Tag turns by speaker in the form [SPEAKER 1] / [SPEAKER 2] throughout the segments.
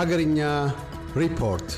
[SPEAKER 1] Hagarinya Report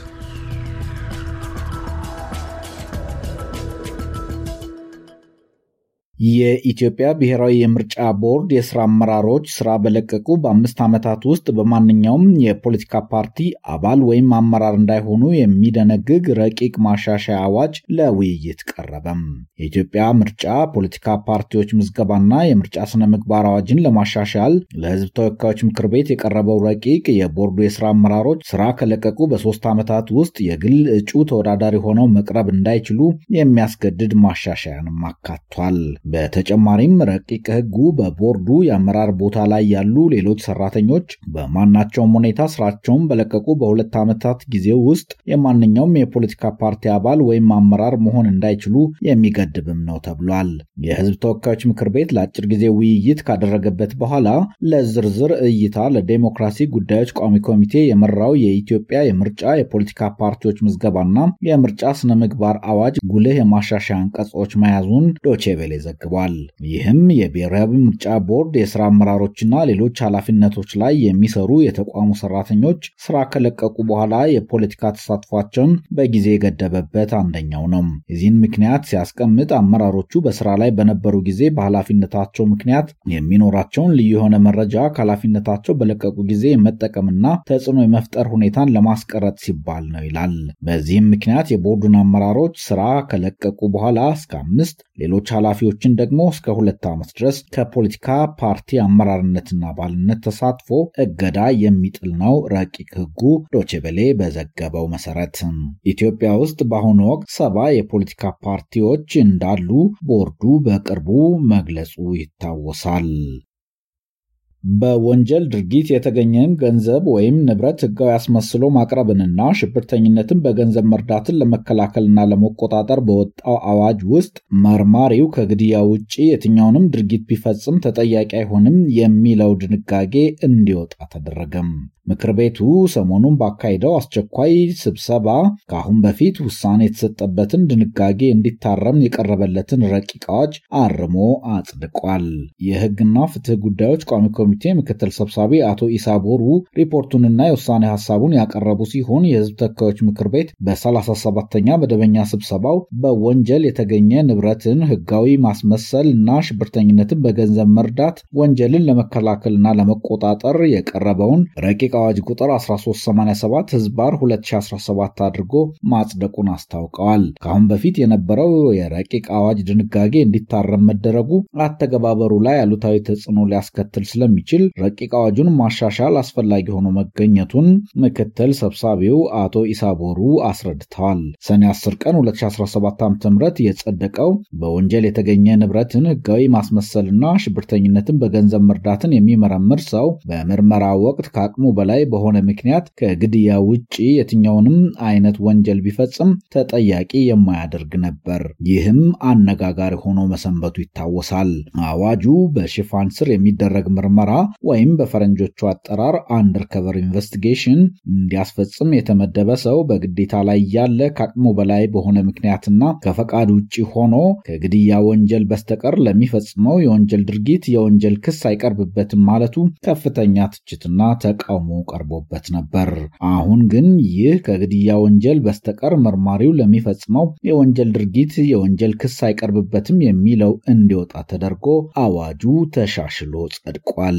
[SPEAKER 1] የኢትዮጵያ ብሔራዊ የምርጫ ቦርድ የስራ አመራሮች ስራ በለቀቁ በአምስት ዓመታት ውስጥ በማንኛውም የፖለቲካ ፓርቲ አባል ወይም አመራር እንዳይሆኑ የሚደነግግ ረቂቅ ማሻሻያ አዋጅ ለውይይት ቀረበም። የኢትዮጵያ ምርጫ ፖለቲካ ፓርቲዎች ምዝገባና የምርጫ ስነ ምግባር አዋጅን ለማሻሻል ለህዝብ ተወካዮች ምክር ቤት የቀረበው ረቂቅ የቦርዱ የስራ አመራሮች ስራ ከለቀቁ በሶስት ዓመታት ውስጥ የግል እጩ ተወዳዳሪ ሆነው መቅረብ እንዳይችሉ የሚያስገድድ ማሻሻያንም አካቷል። በተጨማሪም ረቂቅ ሕጉ በቦርዱ የአመራር ቦታ ላይ ያሉ ሌሎች ሰራተኞች በማናቸውም ሁኔታ ስራቸውን በለቀቁ በሁለት ዓመታት ጊዜ ውስጥ የማንኛውም የፖለቲካ ፓርቲ አባል ወይም አመራር መሆን እንዳይችሉ የሚገድብም ነው ተብሏል። የህዝብ ተወካዮች ምክር ቤት ለአጭር ጊዜ ውይይት ካደረገበት በኋላ ለዝርዝር እይታ ለዴሞክራሲ ጉዳዮች ቋሚ ኮሚቴ የመራው የኢትዮጵያ የምርጫ የፖለቲካ ፓርቲዎች ምዝገባና የምርጫ ስነ ምግባር አዋጅ ጉልህ የማሻሻያ አንቀጾች መያዙን ዶቼ ቬለ ዘግቧል። ይህም የብሔራዊ ምርጫ ቦርድ የስራ አመራሮችና ሌሎች ኃላፊነቶች ላይ የሚሰሩ የተቋሙ ሰራተኞች ስራ ከለቀቁ በኋላ የፖለቲካ ተሳትፏቸውን በጊዜ የገደበበት አንደኛው ነው። የዚህን ምክንያት ሲያስቀምጥ አመራሮቹ በስራ ላይ በነበሩ ጊዜ በኃላፊነታቸው ምክንያት የሚኖራቸውን ልዩ የሆነ መረጃ ከኃላፊነታቸው በለቀቁ ጊዜ የመጠቀምና ተጽዕኖ የመፍጠር ሁኔታን ለማስቀረጥ ሲባል ነው ይላል። በዚህም ምክንያት የቦርዱን አመራሮች ስራ ከለቀቁ በኋላ እስከ አምስት ሌሎች ኃላፊዎችን ኮሚሽን ደግሞ እስከ ሁለት ዓመት ድረስ ከፖለቲካ ፓርቲ አመራርነትና ባልነት ተሳትፎ እገዳ የሚጥል ነው ረቂቅ ህጉ ዶቼቤሌ በዘገበው መሰረት ኢትዮጵያ ውስጥ በአሁኑ ወቅት ሰባ የፖለቲካ ፓርቲዎች እንዳሉ ቦርዱ በቅርቡ መግለጹ ይታወሳል። በወንጀል ድርጊት የተገኘን ገንዘብ ወይም ንብረት ህጋዊ አስመስሎ ማቅረብንና ሽብርተኝነትን በገንዘብ መርዳትን ለመከላከልና ለመቆጣጠር በወጣው አዋጅ ውስጥ መርማሪው ከግድያ ውጭ የትኛውንም ድርጊት ቢፈጽም ተጠያቂ አይሆንም የሚለው ድንጋጌ እንዲወጣ ተደረገም። ምክር ቤቱ ሰሞኑን ባካሄደው አስቸኳይ ስብሰባ ከአሁን በፊት ውሳኔ የተሰጠበትን ድንጋጌ እንዲታረም የቀረበለትን ረቂቅ አዋጅ አርሞ አጽድቋል። የህግና ፍትህ ጉዳዮች ቋሚ ኮሚቴ ምክትል ሰብሳቢ አቶ ኢሳ ቦሩ ሪፖርቱንና የውሳኔ ሀሳቡን ያቀረቡ ሲሆን የህዝብ ተወካዮች ምክር ቤት በ 37 ተኛ መደበኛ ስብሰባው በወንጀል የተገኘ ንብረትን ህጋዊ ማስመሰል እና ሽብርተኝነትን በገንዘብ መርዳት ወንጀልን ለመከላከልና ለመቆጣጠር የቀረበውን ረቂቅ አዋጅ ቁጥር 1387 ህዝባር 2017 አድርጎ ማጽደቁን አስታውቀዋል። ከአሁን በፊት የነበረው የረቂቅ አዋጅ ድንጋጌ እንዲታረም መደረጉ አተገባበሩ ላይ አሉታዊ ተጽዕኖ ሊያስከትል ስለሚ የሚችል ረቂቅ አዋጁን ማሻሻል አስፈላጊ ሆኖ መገኘቱን ምክትል ሰብሳቢው አቶ ኢሳቦሩ አስረድተዋል። ሰኔ 10 ቀን 2017 ዓ.ም የጸደቀው በወንጀል የተገኘ ንብረትን ህጋዊ ማስመሰልና ሽብርተኝነትን በገንዘብ መርዳትን የሚመረምር ሰው በምርመራ ወቅት ከአቅሙ በላይ በሆነ ምክንያት ከግድያ ውጭ የትኛውንም አይነት ወንጀል ቢፈጽም ተጠያቂ የማያደርግ ነበር። ይህም አነጋጋሪ ሆኖ መሰንበቱ ይታወሳል። አዋጁ በሽፋን ስር የሚደረግ ምርመራ ወይም በፈረንጆቹ አጠራር አንደርከቨር ኢንቨስቲጌሽን እንዲያስፈጽም የተመደበ ሰው በግዴታ ላይ ያለ ከአቅሙ በላይ በሆነ ምክንያትና ከፈቃድ ውጭ ሆኖ ከግድያ ወንጀል በስተቀር ለሚፈጽመው የወንጀል ድርጊት የወንጀል ክስ አይቀርብበትም ማለቱ ከፍተኛ ትችትና ተቃውሞ ቀርቦበት ነበር። አሁን ግን ይህ ከግድያ ወንጀል በስተቀር መርማሪው ለሚፈጽመው የወንጀል ድርጊት የወንጀል ክስ አይቀርብበትም የሚለው እንዲወጣ ተደርጎ አዋጁ ተሻሽሎ ጸድቋል።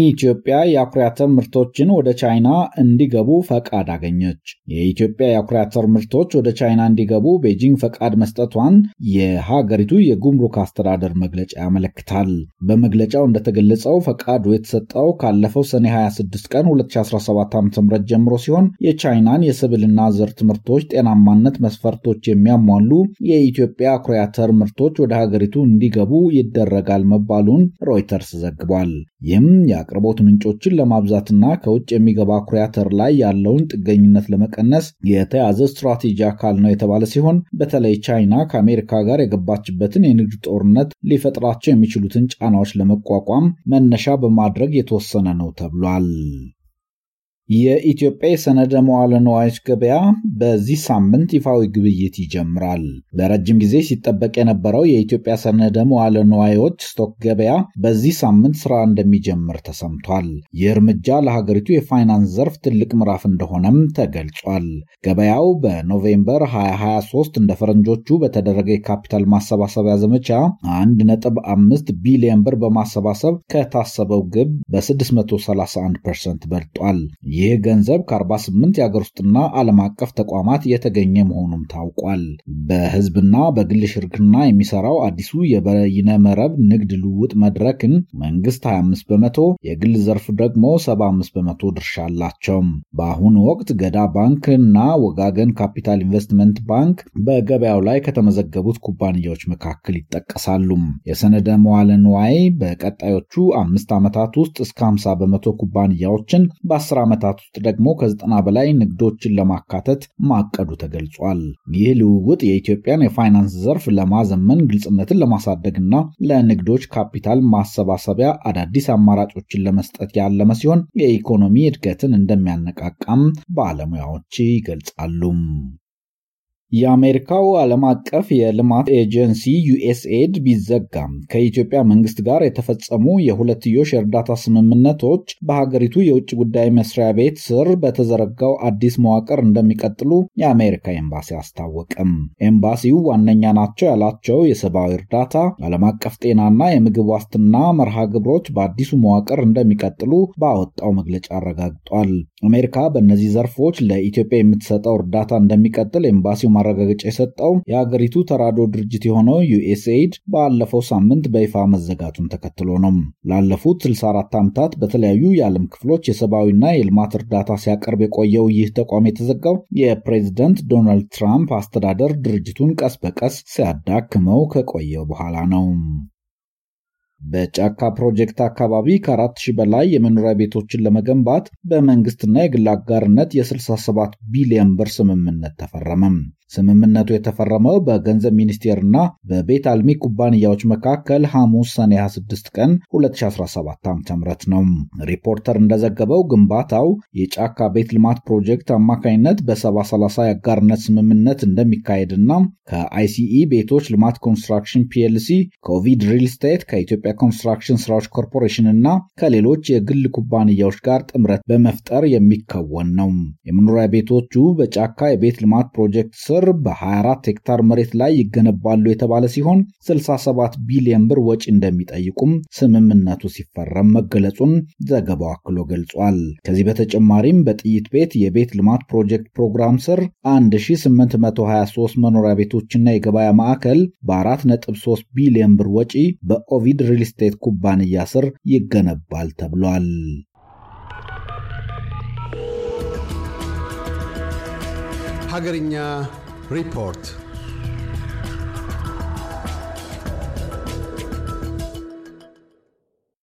[SPEAKER 1] ኢትዮጵያ የአኩሪ አተር ምርቶችን ወደ ቻይና እንዲገቡ ፈቃድ አገኘች። የኢትዮጵያ የአኩሪ አተር ምርቶች ወደ ቻይና እንዲገቡ ቤጂንግ ፈቃድ መስጠቷን የሀገሪቱ የጉምሩክ አስተዳደር መግለጫ ያመለክታል። በመግለጫው እንደተገለጸው ፈቃዱ የተሰጠው ካለፈው ሰኔ 26 ቀን 2017 ዓ.ም ጀምሮ ሲሆን የቻይናን የሰብልና ዘር ምርቶች ጤናማነት መስፈርቶች የሚያሟሉ የኢትዮጵያ አኩሪ አተር ምርቶች ወደ ሀገሪቱ እንዲገቡ ይደረጋል መባሉን ሮይተርስ ዘግቧል። ይህም የአቅርቦት ምንጮችን ለማብዛትና ከውጭ የሚገባ ኩሪ አተር ላይ ያለውን ጥገኝነት ለመቀነስ የተያዘ ስትራቴጂ አካል ነው የተባለ ሲሆን በተለይ ቻይና ከአሜሪካ ጋር የገባችበትን የንግድ ጦርነት ሊፈጥራቸው የሚችሉትን ጫናዎች ለመቋቋም መነሻ በማድረግ የተወሰነ ነው ተብሏል። የኢትዮጵያ የሰነደ መዋለ ንዋዮች ገበያ በዚህ ሳምንት ይፋዊ ግብይት ይጀምራል። ለረጅም ጊዜ ሲጠበቅ የነበረው የኢትዮጵያ ሰነደ መዋለ ንዋዮች ስቶክ ገበያ በዚህ ሳምንት ስራ እንደሚጀምር ተሰምቷል። ይህ እርምጃ ለሀገሪቱ የፋይናንስ ዘርፍ ትልቅ ምዕራፍ እንደሆነም ተገልጿል። ገበያው በኖቬምበር 2023 እንደ ፈረንጆቹ በተደረገ የካፒታል ማሰባሰቢያ ዘመቻ 1.5 ቢሊዮን ብር በማሰባሰብ ከታሰበው ግብ በ631 ፐርሰንት በልጧል። ይህ ገንዘብ ከ48 የአገር ውስጥና ዓለም አቀፍ ተቋማት የተገኘ መሆኑም ታውቋል። በህዝብና በግል ሽርክና የሚሰራው አዲሱ የበይነ መረብ ንግድ ልውውጥ መድረክን መንግስት 25 በመቶ፣ የግል ዘርፍ ደግሞ 75 በመቶ ድርሻ አላቸው። በአሁኑ ወቅት ገዳ ባንክ እና ወጋገን ካፒታል ኢንቨስትመንት ባንክ በገበያው ላይ ከተመዘገቡት ኩባንያዎች መካከል ይጠቀሳሉ። የሰነደ መዋለ ንዋይ በቀጣዮቹ አምስት ዓመታት ውስጥ እስከ 50 በመቶ ኩባንያዎችን በ10 ዓመት ቀናታት ውስጥ ደግሞ ከዘጠና በላይ ንግዶችን ለማካተት ማቀዱ ተገልጿል። ይህ ልውውጥ የኢትዮጵያን የፋይናንስ ዘርፍ ለማዘመን፣ ግልጽነትን ለማሳደግና ለንግዶች ካፒታል ማሰባሰቢያ አዳዲስ አማራጮችን ለመስጠት ያለመ ሲሆን የኢኮኖሚ እድገትን እንደሚያነቃቃም ባለሙያዎች ይገልጻሉ። የአሜሪካው ዓለም አቀፍ የልማት ኤጀንሲ ዩኤስኤድ ቢዘጋም ከኢትዮጵያ መንግስት ጋር የተፈጸሙ የሁለትዮሽ እርዳታ ስምምነቶች በሀገሪቱ የውጭ ጉዳይ መስሪያ ቤት ስር በተዘረጋው አዲስ መዋቅር እንደሚቀጥሉ የአሜሪካ ኤምባሲ አስታወቅም። ኤምባሲው ዋነኛ ናቸው ያላቸው የሰብአዊ እርዳታ፣ ዓለም አቀፍ ጤናና የምግብ ዋስትና መርሃ ግብሮች በአዲሱ መዋቅር እንደሚቀጥሉ ባወጣው መግለጫ አረጋግጧል። አሜሪካ በእነዚህ ዘርፎች ለኢትዮጵያ የምትሰጠው እርዳታ እንደሚቀጥል ኤምባሲው ማረጋገጫ የሰጠው የሀገሪቱ ተራድኦ ድርጅት የሆነው ዩኤስኤድ ባለፈው ሳምንት በይፋ መዘጋቱን ተከትሎ ነው። ላለፉት 64 ዓመታት በተለያዩ የዓለም ክፍሎች የሰብአዊና የልማት እርዳታ ሲያቀርብ የቆየው ይህ ተቋም የተዘጋው የፕሬዚደንት ዶናልድ ትራምፕ አስተዳደር ድርጅቱን ቀስ በቀስ ሲያዳክመው ከቆየው በኋላ ነው። በጫካ ፕሮጀክት አካባቢ ከአራት ሺህ በላይ የመኖሪያ ቤቶችን ለመገንባት በመንግስትና የግል አጋርነት የ67 ቢሊዮን ብር ስምምነት ተፈረመም። ስምምነቱ የተፈረመው በገንዘብ ሚኒስቴርና በቤት አልሚ ኩባንያዎች መካከል ሐሙስ ሰኔ 26 ቀን 2017 ዓ ም ነው። ሪፖርተር እንደዘገበው ግንባታው የጫካ ቤት ልማት ፕሮጀክት አማካኝነት በ 730 የአጋርነት ስምምነት እንደሚካሄድና ከአይሲኢ ቤቶች ልማት ኮንስትራክሽን ፒኤልሲ፣ ከኦቪድ ሪል ስቴት፣ ከኢትዮጵያ ኮንስትራክሽን ስራዎች ኮርፖሬሽን እና ከሌሎች የግል ኩባንያዎች ጋር ጥምረት በመፍጠር የሚከወን ነው። የመኖሪያ ቤቶቹ በጫካ የቤት ልማት ፕሮጀክት ስር ብር በ24 ሄክታር መሬት ላይ ይገነባሉ የተባለ ሲሆን 67 ቢሊዮን ብር ወጪ እንደሚጠይቁም ስምምነቱ ሲፈረም መገለጹን ዘገባው አክሎ ገልጿል። ከዚህ በተጨማሪም በጥይት ቤት የቤት ልማት ፕሮጀክት ፕሮግራም ስር 1823 መኖሪያ ቤቶችና የገበያ ማዕከል በ4.3 ቢሊዮን ብር ወጪ በኦቪድ ሪል ስቴት ኩባንያ ስር ይገነባል ተብሏል። ሀገርኛ Report